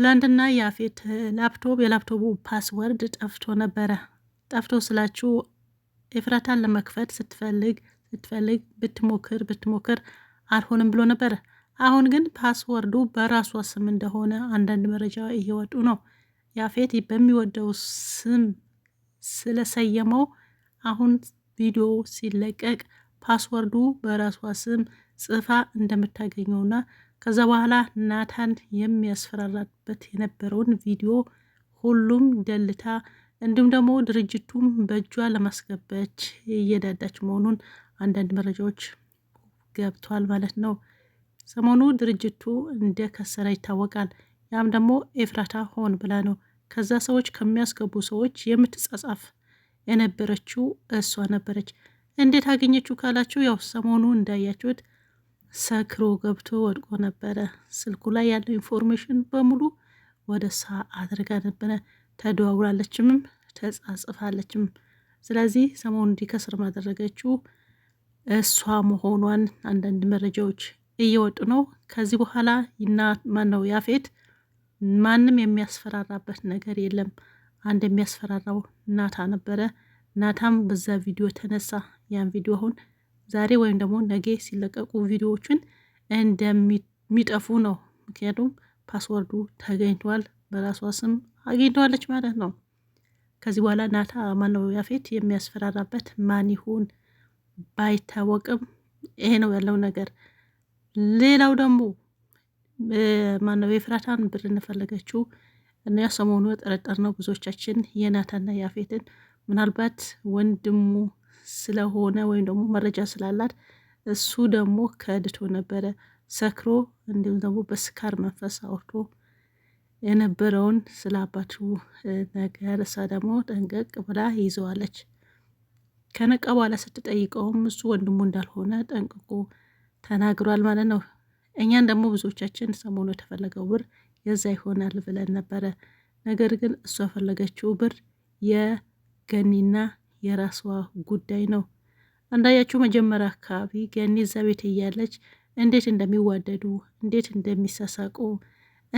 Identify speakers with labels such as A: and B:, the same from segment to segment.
A: ትላንትና የአፌት ላፕቶፕ የላፕቶፑ ፓስወርድ ጠፍቶ ነበረ። ጠፍቶ ስላችሁ ኤፍራታን ለመክፈት ስትፈልግ ስትፈልግ ብትሞክር ብትሞክር አልሆንም ብሎ ነበረ። አሁን ግን ፓስወርዱ በራሷ ስም እንደሆነ አንዳንድ መረጃ እየወጡ ነው። የአፌት በሚወደው ስም ስለሰየመው አሁን ቪዲዮ ሲለቀቅ ፓስወርዱ በራሷ ስም ጽፋ እንደምታገኘውና ከዛ በኋላ ናታን የሚያስፈራራበት የነበረውን ቪዲዮ ሁሉም ደልታ እንዲሁም ደግሞ ድርጅቱም በእጇ ለማስገበች እየዳዳች መሆኑን አንዳንድ መረጃዎች ገብቷል ማለት ነው። ሰሞኑ ድርጅቱ እንደከሰረ ይታወቃል። ያም ደግሞ ኤፍራታ ሆን ብላ ነው። ከዛ ሰዎች ከሚያስገቡ ሰዎች የምትጻጻፍ የነበረችው እሷ ነበረች። እንዴት አገኘችው ካላችሁ ያው ሰሞኑ እንዳያችሁት ሰክሮ ገብቶ ወድቆ ነበረ። ስልኩ ላይ ያለው ኢንፎርሜሽን በሙሉ ወደ እሷ አድርጋ ነበረ። ተደዋውላለችምም ተጻጽፋለችም። ስለዚህ ሰሞኑን እንዲከስር ማደረገችው እሷ መሆኗን አንዳንድ መረጃዎች እየወጡ ነው። ከዚህ በኋላ ይና ማን ነው ያፌት ማንም የሚያስፈራራበት ነገር የለም። አንድ የሚያስፈራራው ናታ ነበረ። ናታም በዛ ቪዲዮ ተነሳ። ያን ቪዲዮ አሁን ዛሬ ወይም ደግሞ ነገ ሲለቀቁ ቪዲዮዎችን እንደሚጠፉ ነው። ምክንያቱም ፓስወርዱ ተገኝቷል፣ በራሷ ስም አግኝተዋለች ማለት ነው። ከዚህ በኋላ ናታ ማነው ያፌት የሚያስፈራራበት ማን ይሁን ባይታወቅም ይሄ ነው ያለው ነገር። ሌላው ደግሞ ማነው የፍራታን ብር እንፈለገችው እና ሰሞኑ ጥርጥር ነው ብዙዎቻችን የናታና ያፌትን ምናልባት ወንድሙ ስለሆነ ወይም ደግሞ መረጃ ስላላት እሱ ደግሞ ከድቶ ነበረ ሰክሮ እንዲሁም ደግሞ በስካር መንፈስ አውርቶ የነበረውን ስለ አባቱ ነገር እሷ ደግሞ ጠንቀቅ ብላ ይዘዋለች። ከነቃ በኋላ ስትጠይቀውም እሱ ወንድሙ እንዳልሆነ ጠንቅቆ ተናግሯል ማለት ነው። እኛን ደግሞ ብዙዎቻችን ሰሞኑ የተፈለገው ብር የዛ ይሆናል ብለን ነበረ። ነገር ግን እሷ ፈለገችው ብር የገኒና የራሷ ጉዳይ ነው። እንዳያችሁ መጀመሪያ አካባቢ ገኒ እዛ ቤት እያለች እንዴት እንደሚዋደዱ እንዴት እንደሚሳሳቁ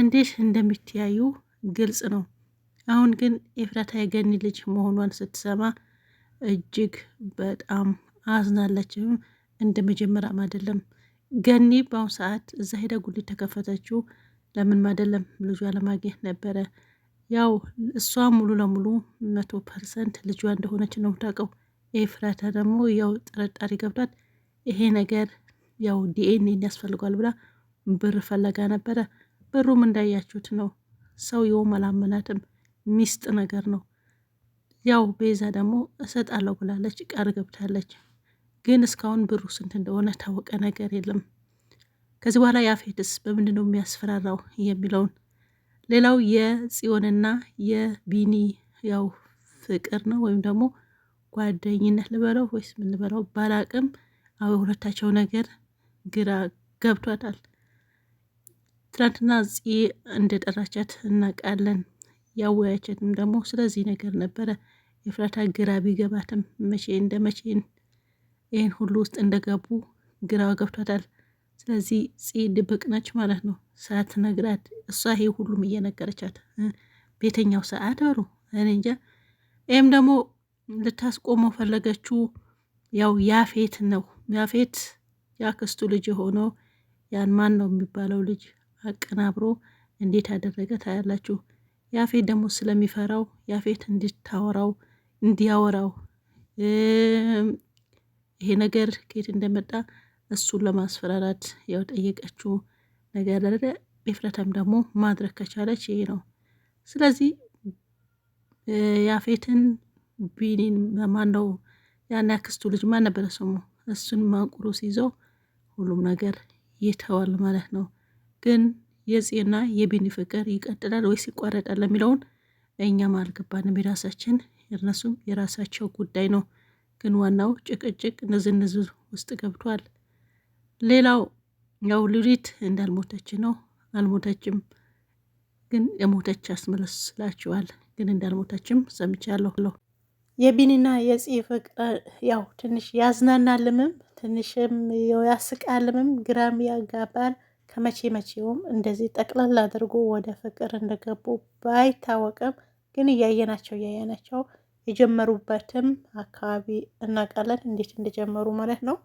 A: እንዴት እንደሚተያዩ ግልጽ ነው። አሁን ግን ኤፍራታ የገኒ ልጅ መሆኗን ስትሰማ እጅግ በጣም አዝናለችም። እንደ መጀመሪያም አይደለም። ገኒ በአሁኑ ሰዓት እዛ ሄዳ ጉሊት ተከፈተችው ለምን አይደለም ልጇ ለማግኘት ነበረ። ያው እሷ ሙሉ ለሙሉ መቶ ፐርሰንት ልጇ እንደሆነች ነው የምታውቀው። ኤፍራታ ደግሞ ያው ጥርጣሬ ገብቷት ይሄ ነገር ያው ዲኤንኤ ያስፈልጓል ብላ ብር ፈለጋ ነበረ። ብሩም እንዳያችሁት ነው። ሰውየውም አላመናትም። ሚስጥ ነገር ነው። ያው ቤዛ ደግሞ እሰጣለሁ ብላለች፣ ቃል ገብታለች። ግን እስካሁን ብሩ ስንት እንደሆነ ታወቀ ነገር የለም። ከዚህ በኋላ ያፌትስ በምንድነው የሚያስፈራራው የሚለውን ሌላው የጽዮንና የቢኒ ያው ፍቅር ነው ወይም ደግሞ ጓደኝነት ልበለው ወይስ ምን ልበለው ባላቅም፣ ሁለታቸው ነገር ግራ ገብቷታል። ትናንትና ጽ እንደጠራቻት እናውቃለን። ያወያቸትም ደግሞ ስለዚህ ነገር ነበረ። የፍራታ ግራ ቢገባትም መቼ እንደ መቼን ይህን ሁሉ ውስጥ እንደገቡ ግራ ገብቷታል። ስለዚህ ፂ ድብቅ ነች ማለት ነው። ሳትነግራት እሷ ይሄ ሁሉም እየነገረቻት ቤተኛው ሰዓት አሉ እኔ እንጃ። ይህም ደግሞ ልታስቆመው ፈለገችው። ያው ያፌት ነው ያፌት ያክስቱ ልጅ የሆነው ያን ማን ነው የሚባለው ልጅ አቀናብሮ እንዴት አደረገ ታያላችሁ። ያፌት ደግሞ ስለሚፈራው ያፌት እንድታወራው እንዲያወራው ይሄ ነገር ከየት እንደመጣ እሱን ለማስፈራራት ያው ጠየቀችው ነገር አለ። ኤፍረተም ደግሞ ማድረግ ከቻለች ይሄ ነው። ስለዚህ ያፌትን ቢኒን ማን ነው ያን ያክስቱ ልጅ ማን ነበረ ስሙ? እሱን ማንቁሮ ሲይዘው ሁሉም ነገር ይተዋል ማለት ነው። ግን የጽና የቢኒ ፍቅር ይቀጥላል ወይስ ይቋረጣል ለሚለውን እኛም አልገባንም። የራሳችን እነሱም የራሳቸው ጉዳይ ነው። ግን ዋናው ጭቅጭቅ ንዝንዝ ውስጥ ገብቷል። ሌላው ያው ሉሊት እንዳልሞተች ነው። አልሞተችም፣ ግን የሞተች ያስመስላችኋል። ግን እንዳልሞተችም ሰምቻለሁ።
B: የቢኒና የፂ ፍቅር ያው ትንሽ ያዝናናልምም ትንሽም ያስቃልምም ግራም ያጋባል። ከመቼ መቼውም እንደዚህ ጠቅላላ አድርጎ ወደ ፍቅር እንደገቡ ባይታወቅም ግን እያየናቸው እያየናቸው የጀመሩበትም አካባቢ እናውቃለን፣ እንዴት እንደጀመሩ ማለት ነው።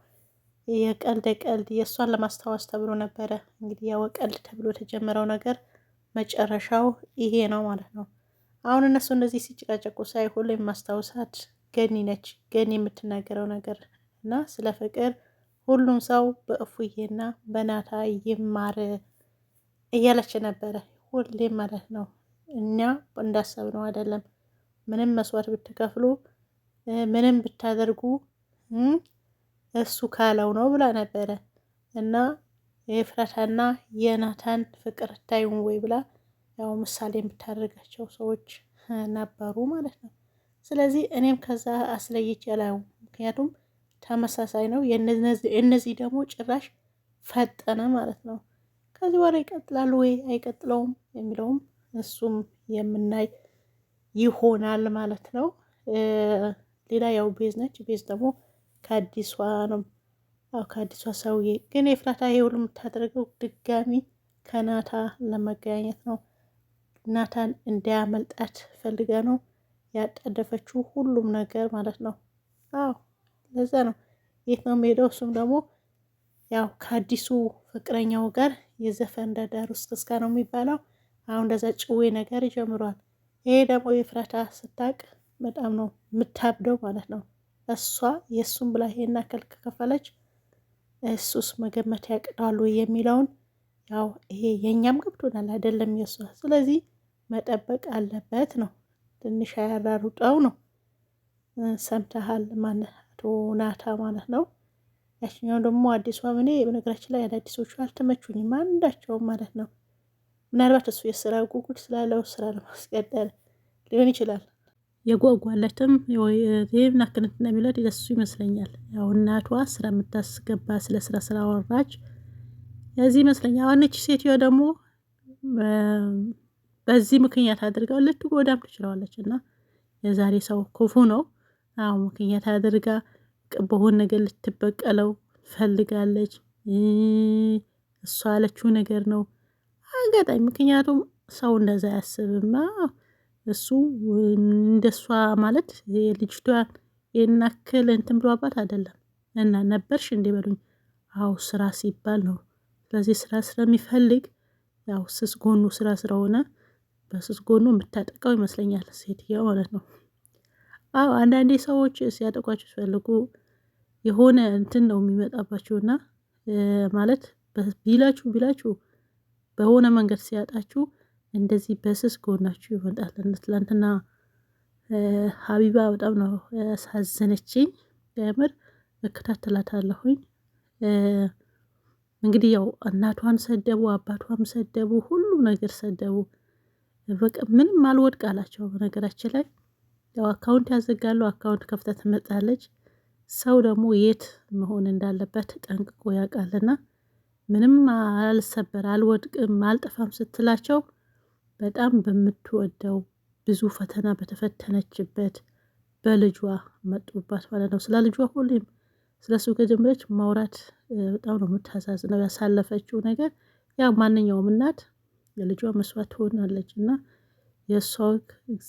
B: የቀልድ ቀልድ የእሷን ለማስታወስ ተብሎ ነበረ እንግዲህ ያው ቀልድ ተብሎ የተጀመረው ነገር መጨረሻው ይሄ ነው ማለት ነው። አሁን እነሱ እንደዚህ ሲጭቃጨቁ ሳይ ሁሌም ማስታወሳት ገኒ ነች። ገኒ የምትናገረው ነገር እና ስለ ፍቅር ሁሉም ሰው በእፉዬና በናታ ይማር እያለች ነበረ ሁሌም ማለት ነው። እኛ እንዳሰብነው አይደለም። ምንም መስዋዕት ብትከፍሉ ምንም ብታደርጉ እሱ ካለው ነው ብላ ነበረ እና የፍረታና የናታን ፍቅር ታዩን ወይ ብላ ያው ምሳሌ የምታደርጋቸው ሰዎች ነበሩ ማለት ነው። ስለዚህ እኔም ከዛ አስለይቼ አላየውም። ምክንያቱም ተመሳሳይ ነው። እነዚህ ደግሞ ጭራሽ ፈጠነ ማለት ነው። ከዚህ በኋላ ይቀጥላሉ ወይ አይቀጥለውም የሚለውም እሱም የምናይ ይሆናል ማለት ነው። ሌላ ያው ቤዝ ነች። ቤዝ ደግሞ ከአዲሷ ነው። አው ከአዲሷ ሰውዬ ግን ኤፍራታ ይሄ ሁሉ የምታደርገው ድጋሚ ከናታ ለመገናኘት ነው። ናታን እንዳያመልጣት ፈልገ ነው ያጣደፈችው ሁሉም ነገር ማለት ነው። አው ለዛ ነው የት ነው የምሄደው። እሱም ደግሞ ያው ከአዲሱ ፍቅረኛው ጋር የዘፈን ዳዳር ውስጥ እስከ ነው የሚባለው። አሁን እንደዛ ጭዌ ነገር ይጀምሯል። ይሄ ደግሞ የፍራታ ስታቅ በጣም ነው የምታብደው ማለት ነው። እሷ የእሱን ብላ ይሄን ያክል ከከፈለች እሱስ መገመት ያቅዳሉ የሚለውን ያው ይሄ የእኛም ገብቶናል አይደለም የእሷ። ስለዚህ መጠበቅ አለበት ነው። ትንሽ አያራሩጠው ነው። ሰምተሃል ማለት አቶ ናታ ማለት ነው። ያችኛው ደግሞ አዲሷ እኔ በነገራችን ላይ አዳዲሶቹ አልተመቹኝም አንዳቸውም ማለት ነው። ምናልባት እሱ የስራ ጉጉድ ስላለው ስራ ለማስቀጠል ሊሆን ይችላል። የጓጓለትም ይህም ናክነት እንደሚለድ ይለሱ ይመስለኛል። ያው እናቷ ስራ የምታስገባ ስለ ስራ ስራ ወራች ለዚህ ይመስለኛል። አሁነች ሴትዮ ደግሞ በዚህ ምክንያት አድርገው ልትጎዳም ትችለዋለች። እና የዛሬ ሰው ክፉ ነው። አዎ ምክንያት አድርጋ በሆነ ነገር ልትበቀለው ፈልጋለች። እሷ ያለችው ነገር ነው አጋጣሚ። ምክንያቱም ሰው እንደዛ አያስብማ። እሱ እንደሷ ማለት የልጅቷ የናክል እንትን ብሎ አባት አይደለም። እና ነበርሽ እንዴ በሉኝ። አው ስራ ሲባል ነው። ስለዚህ ስራ ስለሚፈልግ ያው ስስ ጎኑ ስራ ስለሆነ በስስ ጎኑ የምታጠቃው ይመስለኛል ሴትየው ማለት ነው። አው አንዳንዴ ሰዎች ሲያጠቋቸው ሲፈልጉ የሆነ እንትን ነው የሚመጣባቸውና ማለት ቢላችሁ ቢላችሁ በሆነ መንገድ ሲያጣችሁ እንደዚህ በስስ ጎናችሁ ይወጣል። ትላንትና ሀቢባ በጣም ነው ያሳዘነችኝ። በምር እከታተላታለሁኝ። እንግዲህ ያው እናቷን ሰደቡ፣ አባቷም ሰደቡ፣ ሁሉም ነገር ሰደቡ። በቃ ምንም አልወድቅ አላቸው። በነገራችን ላይ ያው አካውንት ያዘጋሉ። አካውንት ከፍታ ትመጣለች። ሰው ደግሞ የት መሆን እንዳለበት ጠንቅቆ ያውቃልና ምንም አልሰበር፣ አልወድቅም፣ አልጠፋም ስትላቸው በጣም በምትወደው ብዙ ፈተና በተፈተነችበት በልጇ መጡባት ማለት ነው። ስለ ልጇ ሁሌም ስለ እሱ ከጀመረች ማውራት በጣም ነው የምታሳዝነው። ያሳለፈችው ነገር ያው ማንኛውም እናት የልጇ መስዋዕት ትሆናለች እና የእሷ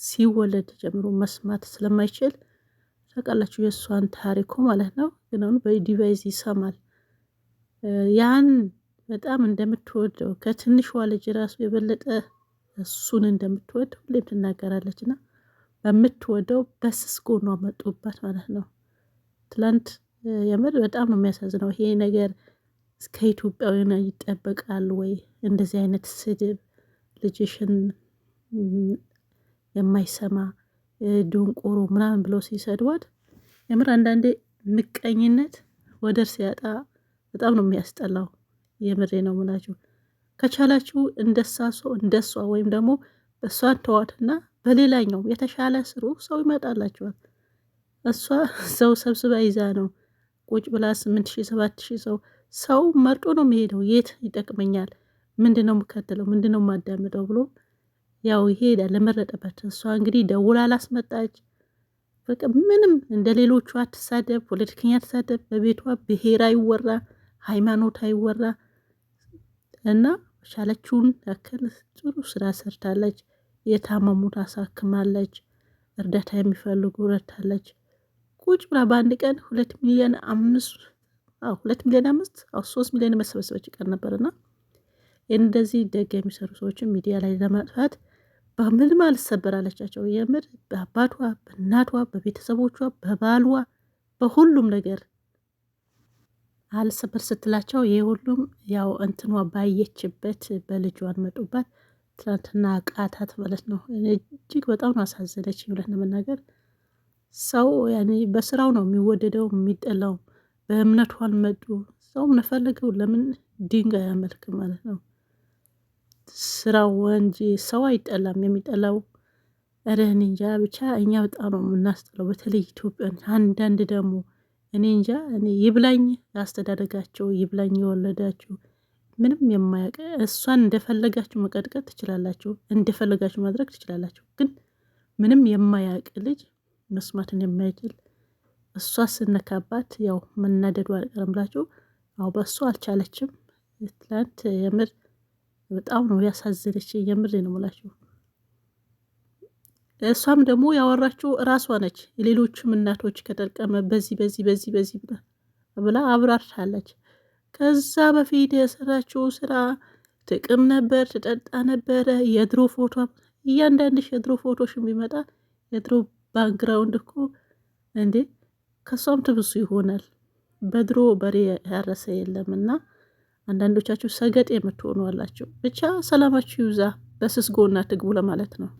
B: ሲወለድ ጀምሮ መስማት ስለማይችል ታውቃላችሁ፣ የእሷን ታሪኩ ማለት ነው። ግን አሁን በዲቫይዝ ይሰማል ያን በጣም እንደምትወደው ከትንሿ ልጅ ራሱ የበለጠ እሱን እንደምትወድ ሁሌም ትናገራለች እና በምትወደው በስስ ጎኗ መጡባት ማለት ነው። ትላንት የምር በጣም ነው የሚያሳዝነው ይሄ ነገር። እስከ ኢትዮጵያውያን ይጠበቃል ወይ እንደዚህ አይነት ስድብ? ልጅሽን የማይሰማ ድንቆሮ ምናምን ብለው ሲሰድዋት የምር አንዳንዴ ምቀኝነት ወደር ሲያጣ በጣም ነው የሚያስጠላው። የምሬ ነው ምላችሁ። ከቻላችሁ እንደሳ ሰው እንደሷ ወይም ደግሞ እሷን ተዋትና በሌላኛው የተሻለ ስሩ። ሰው ይመጣላችኋል። እሷ ሰው ሰብስባ ይዛ ነው ቁጭ ብላ ስምንት ሺ ሰባት ሺ ሰው ሰው መርጦ ነው የሚሄደው። የት ይጠቅመኛል፣ ምንድነው ነው የምከተለው፣ ምንድን የማዳምጠው ብሎ ያው ይሄዳል ለመረጠበት። እሷ እንግዲህ ደውላ አላስመጣች። በቃ ምንም እንደ ሌሎቹ አትሳደብ፣ ፖለቲከኛ አትሳደብ። በቤቷ ብሄር አይወራ፣ ሃይማኖት አይወራ እና የቻለችውን ያክል ጥሩ ስራ ሰርታለች። የታመሙት አሳክማለች። እርዳታ የሚፈልጉ ረድታለች። ቁጭ ብላ በአንድ ቀን ሁለት ሚሊዮን አምስት ሁለት ሚሊዮን አምስት ሶስት ሚሊዮን የመሰበሰበች ቀን ነበርና እንደዚህ ደግ የሚሰሩ ሰዎችን ሚዲያ ላይ ለማጥፋት በምንም አልሰበር አለቻቸው። የምር በአባቷ፣ በእናቷ፣ በቤተሰቦቿ፣ በባሏ፣ በሁሉም ነገር አልስብር ስትላቸው ይህ ሁሉም ያው እንትኗ ባየችበት በልጇ መጡባት። ትናንትና ቃታት ማለት ነው። እጅግ በጣም ነው አሳዘነች። ብለን ለመናገር ሰው ያኔ በስራው ነው የሚወደደው የሚጠላው። በእምነቱ አልመጡ ሰው ምንፈልገው ለምን ድንጋይ ያመልክ ማለት ነው ስራው እንጂ ሰው አይጠላም። የሚጠላው ረህን እንጃ ብቻ እኛ በጣም ነው የምናስጠላው። በተለይ ኢትዮጵያን አንዳንድ ደግሞ እኔ እንጃ እኔ ይብላኝ አስተዳደጋቸው ይብላኝ የወለዳችሁ ምንም የማያውቅ እሷን እንደፈለጋችሁ መቀጥቀጥ ትችላላችሁ፣ እንደፈለጋችሁ ማድረግ ትችላላችሁ። ግን ምንም የማያውቅ ልጅ መስማትን የማይችል እሷ ስነካባት ያው መናደዱ አልቀረም ብላችሁ አሁ በእሱ አልቻለችም። ትላንት የምር በጣም ነው ያሳዘነች። የምር ነው ምላችሁ እሷም ደግሞ ያወራችው ራሷ ነች። ሌሎችም እናቶች ከጠቀመ በዚህ በዚህ በዚህ በዚህ ብላ አብራርታለች። ከዛ በፊት የሰራችው ስራ ጥቅም ነበር፣ ትጠጣ ነበረ። የድሮ ፎቶ እያንዳንድሽ የድሮ ፎቶሽ የሚመጣ የድሮ ባክግራውንድ እኮ እንዴ ከእሷም ትብሱ ይሆናል። በድሮ በሬ ያረሰ የለም እና አንዳንዶቻችሁ ሰገጥ የምትሆኑ አላቸው። ብቻ ሰላማችሁ ይብዛ። በስስጎና ትግቡ ለማለት ነው።